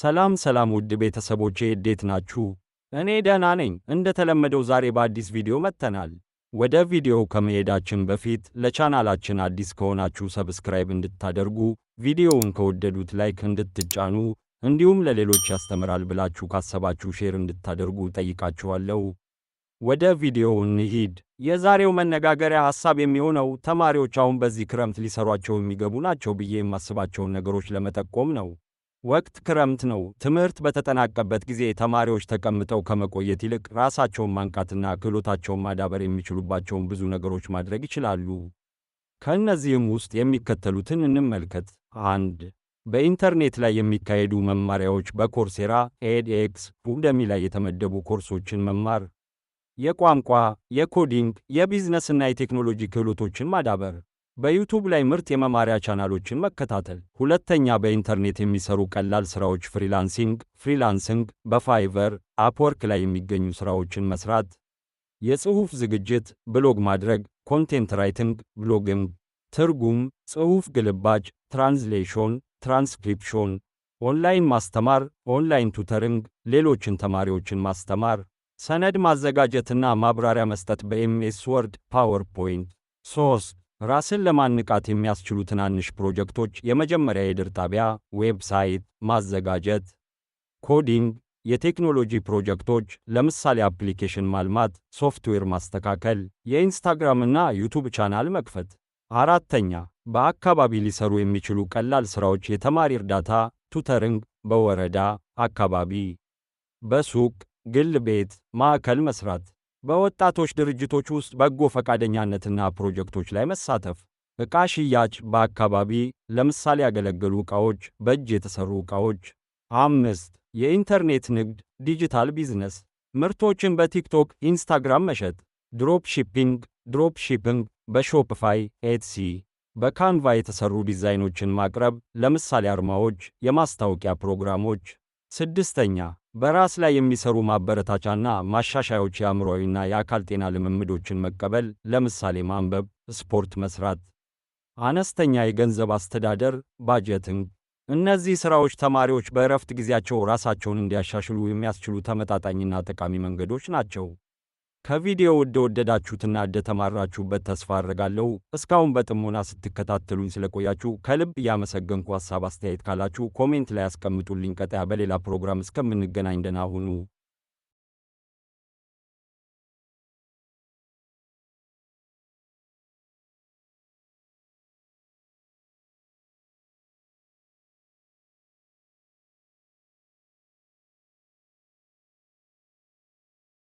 ሰላም ሰላም ውድ ቤተሰቦቼ እንዴት ናችሁ? እኔ ደህና ነኝ። እንደተለመደው ዛሬ በአዲስ ቪዲዮ መጥተናል። ወደ ቪዲዮው ከመሄዳችን በፊት ለቻናላችን አዲስ ከሆናችሁ ሰብስክራይብ እንድታደርጉ፣ ቪዲዮውን ከወደዱት ላይክ እንድትጫኑ፣ እንዲሁም ለሌሎች ያስተምራል ብላችሁ ካሰባችሁ ሼር እንድታደርጉ ጠይቃችኋለሁ። ወደ ቪዲዮው እንሂድ። የዛሬው መነጋገሪያ ሐሳብ የሚሆነው ተማሪዎች አሁን በዚህ ክረምት ሊሰሯቸው የሚገቡ ናቸው ብዬ የማስባቸውን ነገሮች ለመጠቆም ነው። ወቅት ክረምት ነው። ትምህርት በተጠናቀበት ጊዜ ተማሪዎች ተቀምጠው ከመቆየት ይልቅ ራሳቸውን ማንቃትና ክህሎታቸውን ማዳበር የሚችሉባቸውን ብዙ ነገሮች ማድረግ ይችላሉ። ከእነዚህም ውስጥ የሚከተሉትን እንመልከት። አንድ በኢንተርኔት ላይ የሚካሄዱ መማሪያዎች በኮርሴራ፣ ኤድኤክስ፣ ኡደሚ ላይ የተመደቡ ኮርሶችን መማር፣ የቋንቋ፣ የኮዲንግ፣ የቢዝነስና የቴክኖሎጂ ክህሎቶችን ማዳበር በዩቱብ ላይ ምርት የመማሪያ ቻናሎችን መከታተል። ሁለተኛ፣ በኢንተርኔት የሚሰሩ ቀላል ስራዎች ፍሪላንሲንግ። ፍሪላንሲንግ በፋይቨር አፕወርክ ላይ የሚገኙ ስራዎችን መስራት፣ የጽሑፍ ዝግጅት፣ ብሎግ ማድረግ፣ ኮንቴንት ራይቲንግ፣ ብሎጊንግ፣ ትርጉም፣ ጽሑፍ ግልባጭ፣ ትራንስሌሽን፣ ትራንስክሪፕሽን፣ ኦንላይን ማስተማር፣ ኦንላይን ቱተሪንግ፣ ሌሎችን ተማሪዎችን ማስተማር፣ ሰነድ ማዘጋጀትና ማብራሪያ መስጠት በኤምኤስ ወርድ፣ ፓወርፖይንት። ሶስት ራስን ለማንቃት የሚያስችሉ ትናንሽ ፕሮጀክቶች የመጀመሪያ የድር ጣቢያ፣ ዌብሳይት ማዘጋጀት፣ ኮዲንግ፣ የቴክኖሎጂ ፕሮጀክቶች ለምሳሌ አፕሊኬሽን ማልማት፣ ሶፍትዌር ማስተካከል፣ የኢንስታግራም እና ዩቱብ ቻናል መክፈት። አራተኛ፣ በአካባቢ ሊሰሩ የሚችሉ ቀላል ሥራዎች የተማሪ እርዳታ፣ ቱተርንግ በወረዳ አካባቢ፣ በሱቅ፣ ግል ቤት ማዕከል መስራት። በወጣቶች ድርጅቶች ውስጥ በጎ ፈቃደኛነትና ፕሮጀክቶች ላይ መሳተፍ፣ ዕቃ ሽያጭ በአካባቢ ለምሳሌ ያገለገሉ ዕቃዎች፣ በእጅ የተሠሩ ዕቃዎች። አምስት የኢንተርኔት ንግድ ዲጂታል ቢዝነስ ምርቶችን በቲክቶክ፣ ኢንስታግራም መሸጥ፣ ድሮፕ ሺፒንግ ድሮፕ ሺፒንግ በሾፕፋይ፣ ኤትሲ፣ በካንቫ የተሠሩ ዲዛይኖችን ማቅረብ፣ ለምሳሌ አርማዎች፣ የማስታወቂያ ፕሮግራሞች። ስድስተኛ በራስ ላይ የሚሰሩ ማበረታቻና ማሻሻያዎች የአእምሮዊና የአካል ጤና ልምምዶችን መቀበል፣ ለምሳሌ ማንበብ፣ ስፖርት መስራት፣ አነስተኛ የገንዘብ አስተዳደር ባጀትን እነዚህ ሥራዎች ተማሪዎች በእረፍት ጊዜያቸው ራሳቸውን እንዲያሻሽሉ የሚያስችሉ ተመጣጣኝና ጠቃሚ መንገዶች ናቸው። ከቪዲዮ እንደወደዳችሁትና እንደተማራችሁበት ተስፋ አድርጋለሁ። እስካሁን በጥሞና ስትከታተሉኝ ስለቆያችሁ ከልብ እያመሰገንኩ ሀሳብ አስተያየት ካላችሁ ኮሜንት ላይ አስቀምጡልኝ። ቀጣይ በሌላ ፕሮግራም እስከምንገናኝ ደህና ሁኑ።